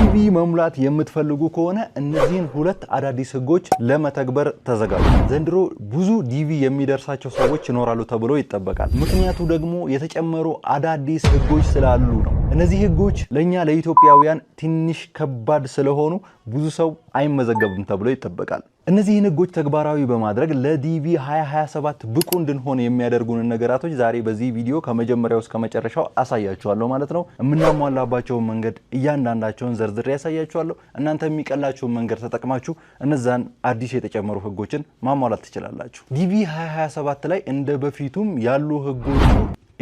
ቲቪ መሙላት የምትፈልጉ ከሆነ እነዚህን ሁለት አዳዲስ ህጎች ለመተግበር ተዘጋጁ። ዘንድሮ ብዙ ዲቪ የሚደርሳቸው ሰዎች ይኖራሉ ተብሎ ይጠበቃል። ምክንያቱ ደግሞ የተጨመሩ አዳዲስ ህጎች ስላሉ ነው። እነዚህ ህጎች ለእኛ ለኢትዮጵያውያን ትንሽ ከባድ ስለሆኑ ብዙ ሰው አይመዘገብም ተብሎ ይጠበቃል። እነዚህን ህጎች ተግባራዊ በማድረግ ለዲቪ 2027 ብቁ እንድንሆን የሚያደርጉንን ነገራቶች ዛሬ በዚህ ቪዲዮ ከመጀመሪያው እስከ መጨረሻው አሳያችኋለሁ ማለት ነው። የምናሟላባቸውን መንገድ እያንዳንዳቸውን ዘርዝሬ ያሳያችኋለሁ። እናንተ የሚቀላችሁን መንገድ ተጠቅማችሁ እነዛን አዲስ የተጨመሩ ህጎችን ማሟላት ትችላላችሁ። ዲቪ 2027 ላይ እንደ በፊቱም ያሉ ህጎች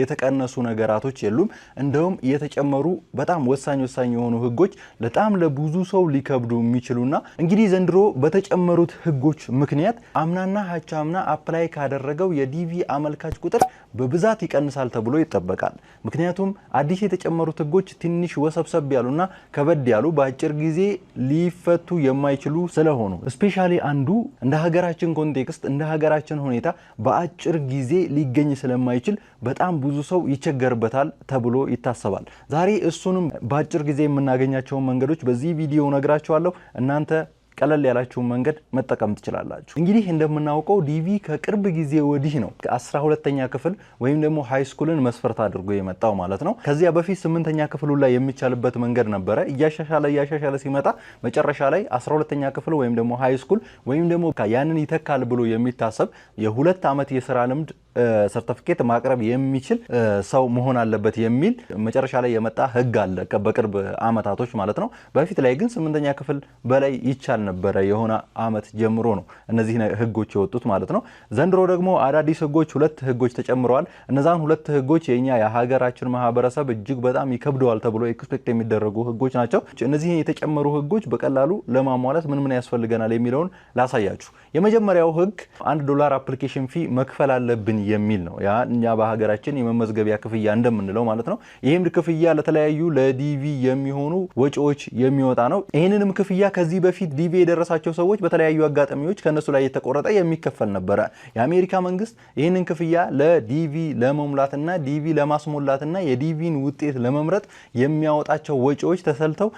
የተቀነሱ ነገራቶች የሉም። እንደውም የተጨመሩ በጣም ወሳኝ ወሳኝ የሆኑ ህጎች በጣም ለብዙ ሰው ሊከብዱ የሚችሉና እንግዲህ ዘንድሮ በተጨመሩት ህጎች ምክንያት አምናና ሀቻምና አፕላይ ካደረገው የዲቪ አመልካች ቁጥር በብዛት ይቀንሳል ተብሎ ይጠበቃል። ምክንያቱም አዲስ የተጨመሩት ህጎች ትንሽ ወሰብሰብ ያሉና ከበድ ያሉ በአጭር ጊዜ ሊፈቱ የማይችሉ ስለሆኑ ስፔሻ አንዱ እንደ ሀገራችን ኮንቴክስት እንደ ሀገራችን ሁኔታ በአጭር ጊዜ ሊገኝ ስለማይችል በጣም ብዙ ሰው ይቸገርበታል ተብሎ ይታሰባል። ዛሬ እሱንም በአጭር ጊዜ የምናገኛቸውን መንገዶች በዚህ ቪዲዮ ነግራችኋለሁ። እናንተ ቀለል ያላችሁን መንገድ መጠቀም ትችላላችሁ። እንግዲህ እንደምናውቀው ዲቪ ከቅርብ ጊዜ ወዲህ ነው አስራ ሁለተኛ ክፍል ወይም ደግሞ ሃይስኩልን ስኩልን መስፈርት አድርጎ የመጣው ማለት ነው። ከዚያ በፊት ስምንተኛ ክፍሉ ላይ የሚቻልበት መንገድ ነበረ። እያሻሻለ እያሻሻለ ሲመጣ መጨረሻ ላይ አስራ ሁለተኛ ክፍል ወይም ደግሞ ሃይስኩል ስኩል ወይም ደግሞ ያንን ይተካል ብሎ የሚታሰብ የሁለት ዓመት የስራ ልምድ ሰርተፍኬት ማቅረብ የሚችል ሰው መሆን አለበት የሚል መጨረሻ ላይ የመጣ ህግ አለ በቅርብ አመታቶች ማለት ነው። በፊት ላይ ግን ስምንተኛ ክፍል በላይ ይቻል ነበረ። የሆነ አመት ጀምሮ ነው እነዚህ ህጎች የወጡት ማለት ነው። ዘንድሮ ደግሞ አዳዲስ ህጎች፣ ሁለት ህጎች ተጨምረዋል። እነዛን ሁለት ህጎች የኛ የሀገራችን ማህበረሰብ እጅግ በጣም ይከብደዋል ተብሎ ኤክስፔክት የሚደረጉ ህጎች ናቸው። እነዚህ የተጨመሩ ህጎች በቀላሉ ለማሟላት ምን ምን ያስፈልገናል የሚለውን ላሳያችሁ። የመጀመሪያው ህግ አንድ ዶላር አፕሊኬሽን ፊ መክፈል አለብን የሚል ነው። ያ እኛ በሀገራችን የመመዝገቢያ ክፍያ እንደምንለው ማለት ነው። ይህም ክፍያ ለተለያዩ ለዲቪ የሚሆኑ ወጪዎች የሚወጣ ነው። ይህንንም ክፍያ ከዚህ በፊት ዲቪ የደረሳቸው ሰዎች በተለያዩ አጋጣሚዎች ከእነሱ ላይ የተቆረጠ የሚከፈል ነበረ። የአሜሪካ መንግስት ይህንን ክፍያ ለዲቪ ለመሙላትና ዲቪ ለማስሞላትና የዲቪን ውጤት ለመምረጥ የሚያወጣቸው ወጪዎች ተሰልተው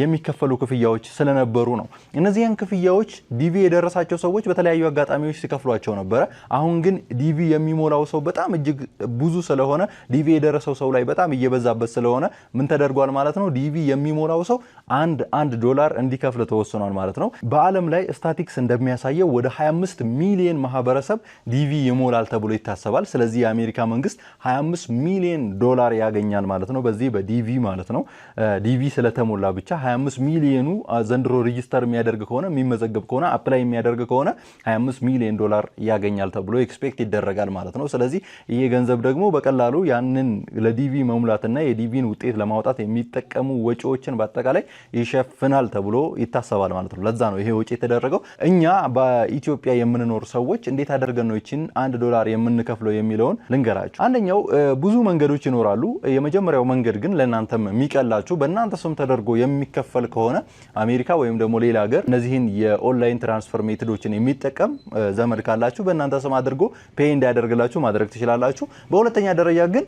የሚከፈሉ ክፍያዎች ስለነበሩ ነው። እነዚህን ክፍያዎች ዲቪ የደረሳቸው ሰዎች በተለያዩ አጋጣሚዎች ሲከፍሏቸው ነበረ። አሁን ግን ዲቪ የሚሞላው ሰው በጣም እጅግ ብዙ ስለሆነ ዲቪ የደረሰው ሰው ላይ በጣም እየበዛበት ስለሆነ ምን ተደርጓል ማለት ነው? ዲቪ የሚሞላው ሰው አንድ አንድ ዶላር እንዲከፍል ተወስኗል ማለት ነው። በዓለም ላይ ስታቲክስ እንደሚያሳየው ወደ 25 ሚሊዮን ማህበረሰብ ዲቪ ይሞላል ተብሎ ይታሰባል። ስለዚህ የአሜሪካ መንግስት 25 ሚሊዮን ዶላር ያገኛል ማለት ነው በዚህ በዲቪ ማለት ነው ዲቪ ስለተሞላ ብቻ ብቻ 25 ሚሊዮኑ ዘንድሮ ሬጂስተር የሚያደርግ ከሆነ የሚመዘገብ ከሆነ አፕላይ የሚያደርግ ከሆነ 25 ሚሊዮን ዶላር ያገኛል ተብሎ ኤክስፔክት ይደረጋል ማለት ነው። ስለዚህ ይሄ ገንዘብ ደግሞ በቀላሉ ያንን ለዲቪ መሙላትና የዲቪን ውጤት ለማውጣት የሚጠቀሙ ወጪዎችን በአጠቃላይ ይሸፍናል ተብሎ ይታሰባል ማለት ነው። ለዛ ነው ይሄ ወጪ የተደረገው። እኛ በኢትዮጵያ የምንኖር ሰዎች እንዴት አደርገን ነው ይችን አንድ ዶላር የምንከፍለው የሚለውን ልንገራችሁ። አንደኛው ብዙ መንገዶች ይኖራሉ። የመጀመሪያው መንገድ ግን ለእናንተም የሚቀላችሁ በእናንተ ስም ተደርጎ የሚ የሚከፈል ከሆነ አሜሪካ ወይም ደግሞ ሌላ ሀገር እነዚህን የኦንላይን ትራንስፈር ሜትዶችን የሚጠቀም ዘመድ ካላችሁ በእናንተ ስም አድርጎ ፔይ እንዲያደርግላችሁ ማድረግ ትችላላችሁ። በሁለተኛ ደረጃ ግን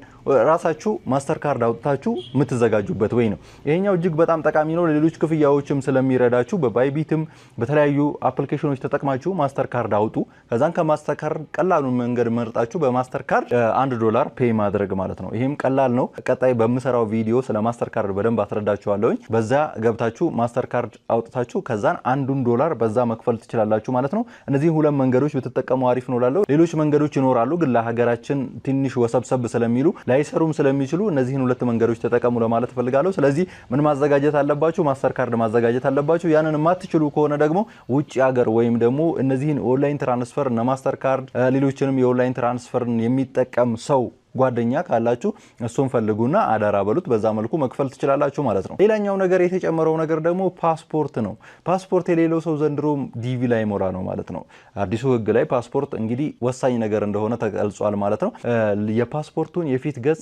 ራሳችሁ ማስተር ካርድ አውጥታችሁ የምትዘጋጁበት ወይ ነው። ይሄኛው እጅግ በጣም ጠቃሚ ነው። ለሌሎች ክፍያዎችም ስለሚረዳችሁ በባይቢትም በተለያዩ አፕሊኬሽኖች ተጠቅማችሁ ማስተር ካርድ አውጡ። ከዛን ከማስተር ካርድ ቀላሉን መንገድ መርጣችሁ በማስተር ካርድ አንድ ዶላር ፔይ ማድረግ ማለት ነው። ይህም ቀላል ነው። ቀጣይ በምሰራው ቪዲዮ ስለ ማስተር ካርድ በደንብ አስረዳችኋለሁኝ በዛ ገብታችሁ ማስተር ካርድ አውጥታችሁ ከዛን አንዱን ዶላር በዛ መክፈል ትችላላችሁ ማለት ነው። እነዚህ ሁለት መንገዶች ብትጠቀሙ አሪፍ ነው ላለው። ሌሎች መንገዶች ይኖራሉ፣ ግን ለሀገራችን ትንሽ ወሰብሰብ ስለሚሉ ላይሰሩም ስለሚችሉ እነዚህን ሁለት መንገዶች ተጠቀሙ ለማለት ፈልጋለሁ። ስለዚህ ምን ማዘጋጀት አለባችሁ? ማስተር ካርድ ማዘጋጀት አለባችሁ። ያንን የማትችሉ ከሆነ ደግሞ ውጭ ሀገር ወይም ደግሞ እነዚህን ኦንላይን ትራንስፈር ማስተር ካርድ ሌሎችንም የኦንላይን ትራንስፈርን የሚጠቀም ሰው ጓደኛ ካላችሁ እሱን ፈልጉና አደራ በሉት። በዛ መልኩ መክፈል ትችላላችሁ ማለት ነው። ሌላኛው ነገር የተጨመረው ነገር ደግሞ ፓስፖርት ነው። ፓስፖርት የሌለው ሰው ዘንድሮ ዲቪ ላይ ሞራ ነው ማለት ነው። አዲሱ ሕግ ላይ ፓስፖርት እንግዲህ ወሳኝ ነገር እንደሆነ ተገልጿል ማለት ነው። የፓስፖርቱን የፊት ገጽ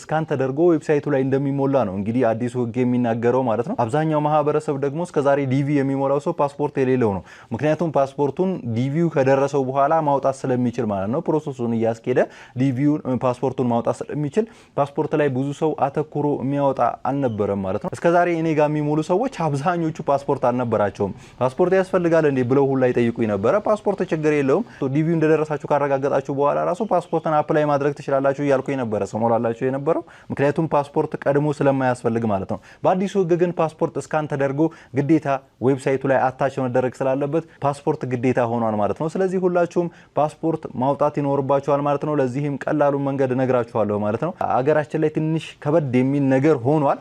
እስካን ተደርጎ ዌብሳይቱ ላይ እንደሚሞላ ነው እንግዲህ አዲሱ ሕግ የሚናገረው ማለት ነው። አብዛኛው ማህበረሰብ ደግሞ እስከዛሬ ዲቪ የሚሞላው ሰው ፓስፖርት የሌለው ነው። ምክንያቱም ፓስፖርቱን ዲቪው ከደረሰው በኋላ ማውጣት ስለሚችል ማለት ነው። ፕሮሰሱን እያስኬደ ዲቪውን ፓስፖርቱን ማውጣት ስለሚችል ፓስፖርት ላይ ብዙ ሰው አተኩሮ የሚያወጣ አልነበረም ማለት ነው። እስከዛሬ እኔ ጋር የሚሞሉ ሰዎች አብዛኞቹ ፓስፖርት አልነበራቸውም። ፓስፖርት ያስፈልጋል እንዴ ብለው ሁላ ይጠይቁኝ ነበረ። ፓስፖርት ችግር የለውም ዲቪው እንደደረሳችሁ ካረጋገጣችሁ በኋላ ራሱ ፓስፖርትን አፕላይ ማድረግ ትችላላችሁ እያልኩኝ ነበረ ስሞላላችሁ የነበረው ምክንያቱም ፓስፖርት ቀድሞ ስለማያስፈልግ ማለት ነው። በአዲሱ ህግ ግን ፓስፖርት እስካን ተደርጎ ግዴታ ዌብሳይቱ ላይ አታች መደረግ ስላለበት ፓስፖርት ግዴታ ሆኗል ማለት ነው። ስለዚህ ሁላችሁም ፓስፖርት ማውጣት ይኖርባችኋል ማለት ነው። ለዚህም ቀላሉ መንገድ መንገድ እነግራችኋለሁ ማለት ነው። አገራችን ላይ ትንሽ ከበድ የሚል ነገር ሆኗል።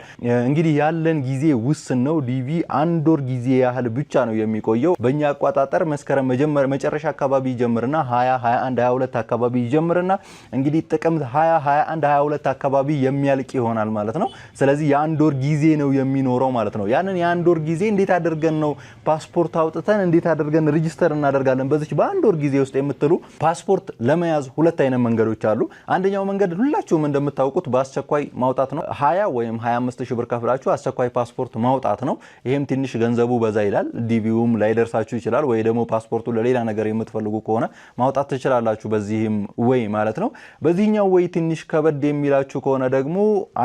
እንግዲህ ያለን ጊዜ ውስን ነው። ዲቪ አንድ ወር ጊዜ ያህል ብቻ ነው የሚቆየው። በእኛ አቆጣጠር መስከረም መጨረሻ አካባቢ ይጀምርና 20 21 22 አካባቢ ይጀምርና እንግዲህ ጥቅምት 20 21 22 አካባቢ የሚያልቅ ይሆናል ማለት ነው። ስለዚህ የአንድ ወር ጊዜ ነው የሚኖረው ማለት ነው። ያንን የአንድ ወር ጊዜ እንዴት አድርገን ነው ፓስፖርት አውጥተን እንዴት አድርገን ሪጅስተር እናደርጋለን በዚች በአንድ ወር ጊዜ ውስጥ የምትሉ ፓስፖርት ለመያዝ ሁለት አይነት መንገዶች አሉ። አንደ አንደኛው መንገድ ሁላችሁም እንደምታውቁት በአስቸኳይ ማውጣት ነው። 20 ወይም 25 ሺህ ብር ከፍላችሁ አስቸኳይ ፓስፖርት ማውጣት ነው። ይህም ትንሽ ገንዘቡ በዛ ይላል። ዲቪውም ላይደርሳችሁ ይችላል። ወይ ደግሞ ፓስፖርቱ ለሌላ ነገር የምትፈልጉ ከሆነ ማውጣት ትችላላችሁ። በዚህም ወይ ማለት ነው። በዚህኛው ወይ ትንሽ ከበድ የሚላችሁ ከሆነ ደግሞ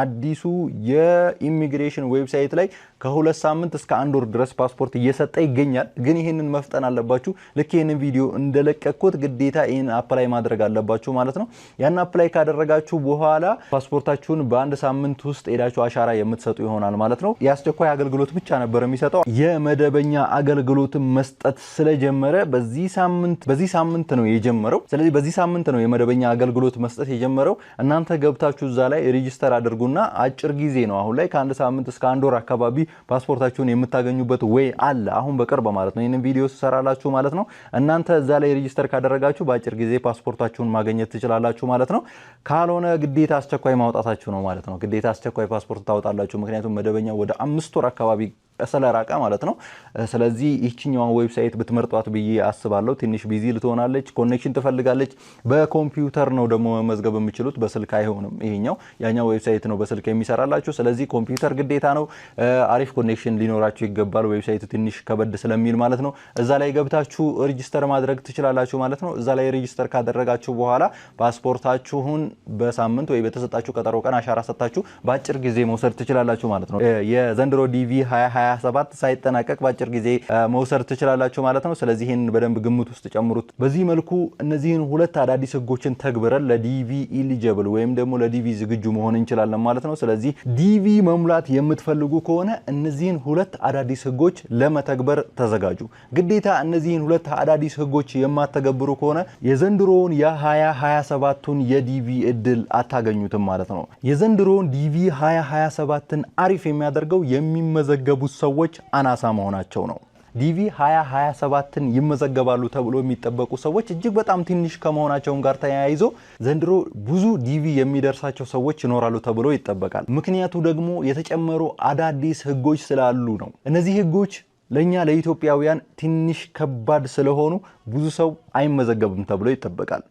አዲሱ የኢሚግሬሽን ዌብሳይት ላይ ከሁለት ሳምንት እስከ አንድ ወር ድረስ ፓስፖርት እየሰጠ ይገኛል። ግን ይህንን መፍጠን አለባችሁ። ልክ ይህንን ቪዲዮ እንደለቀቅኩት ግዴታ ይህን አፕላይ ማድረግ አለባችሁ ማለት ነው። ያን አፕላይ ካደረጋችሁ በኋላ ፓስፖርታችሁን በአንድ ሳምንት ውስጥ ሄዳችሁ አሻራ የምትሰጡ ይሆናል ማለት ነው። የአስቸኳይ አገልግሎት ብቻ ነበር የሚሰጠው። የመደበኛ አገልግሎትን መስጠት ስለጀመረ በዚህ ሳምንት በዚህ ሳምንት ነው የጀመረው። ስለዚህ በዚህ ሳምንት ነው የመደበኛ አገልግሎት መስጠት የጀመረው። እናንተ ገብታችሁ እዛ ላይ ሬጂስተር አድርጉና አጭር ጊዜ ነው አሁን ላይ ከአንድ ሳምንት እስከ አንድ ወር አካባቢ ፓስፖርታችሁን የምታገኙበት ወይ አለ። አሁን በቅርብ ማለት ነው ይህንን ቪዲዮ ስሰራላችሁ ማለት ነው። እናንተ እዛ ላይ ሬጂስተር ካደረጋችሁ በአጭር ጊዜ ፓስፖርታችሁን ማግኘት ትችላላችሁ ማለት ነው። ካልሆነ ግዴታ አስቸኳይ ማውጣታችሁ ነው ማለት ነው። ግዴታ አስቸኳይ ፓስፖርት ታወጣላችሁ። ምክንያቱም መደበኛ ወደ አምስት ወር አካባቢ ስለራቀ ማለት ነው። ስለዚህ ይህችኛዋን ዌብሳይት ብትመርጧት ብዬ አስባለሁ። ትንሽ ቢዚ ልትሆናለች፣ ኮኔክሽን ትፈልጋለች። በኮምፒውተር ነው ደግሞ መመዝገብ የምችሉት፣ በስልክ አይሆንም። ይሄኛው ያኛው ዌብሳይት ነው በስልክ የሚሰራላችሁ። ስለዚህ ኮምፒውተር ግዴታ ነው፣ አሪፍ ኮኔክሽን ሊኖራችሁ ይገባል። ዌብሳይቱ ትንሽ ከበድ ስለሚል ማለት ነው። እዛ ላይ ገብታችሁ ሬጅስተር ማድረግ ትችላላችሁ ማለት ነው። እዛ ላይ ሬጅስተር ካደረጋችሁ በኋላ ፓስፖርታችሁን በሳምንት ወይ በተሰጣችሁ ቀጠሮ ቀን አሻራ ሰጥታችሁ በአጭር ጊዜ መውሰድ ትችላላችሁ ማለት ነው። የዘንድሮ ዲቪ 27 ሳይጠናቀቅ በአጭር ጊዜ መውሰድ ትችላላችሁ ማለት ነው። ስለዚህ ይህን በደንብ ግምት ውስጥ ጨምሩት። በዚህ መልኩ እነዚህን ሁለት አዳዲስ ህጎችን ተግብረን ለዲቪ ኢሊጀብል ወይም ደግሞ ለዲቪ ዝግጁ መሆን እንችላለን ማለት ነው። ስለዚህ ዲቪ መሙላት የምትፈልጉ ከሆነ እነዚህን ሁለት አዳዲስ ህጎች ለመተግበር ተዘጋጁ። ግዴታ እነዚህን ሁለት አዳዲስ ህጎች የማተገብሩ ከሆነ የዘንድሮውን የ2027ቱን የዲቪ እድል አታገኙትም ማለት ነው። የዘንድሮውን ዲቪ 2027ን አሪፍ የሚያደርገው የሚመዘገቡት ሰዎች አናሳ መሆናቸው ነው። ዲቪ 2027ን ይመዘገባሉ ተብሎ የሚጠበቁ ሰዎች እጅግ በጣም ትንሽ ከመሆናቸውን ጋር ተያይዞ ዘንድሮ ብዙ ዲቪ የሚደርሳቸው ሰዎች ይኖራሉ ተብሎ ይጠበቃል። ምክንያቱ ደግሞ የተጨመሩ አዳዲስ ህጎች ስላሉ ነው። እነዚህ ህጎች ለእኛ ለኢትዮጵያውያን ትንሽ ከባድ ስለሆኑ ብዙ ሰው አይመዘገብም ተብሎ ይጠበቃል።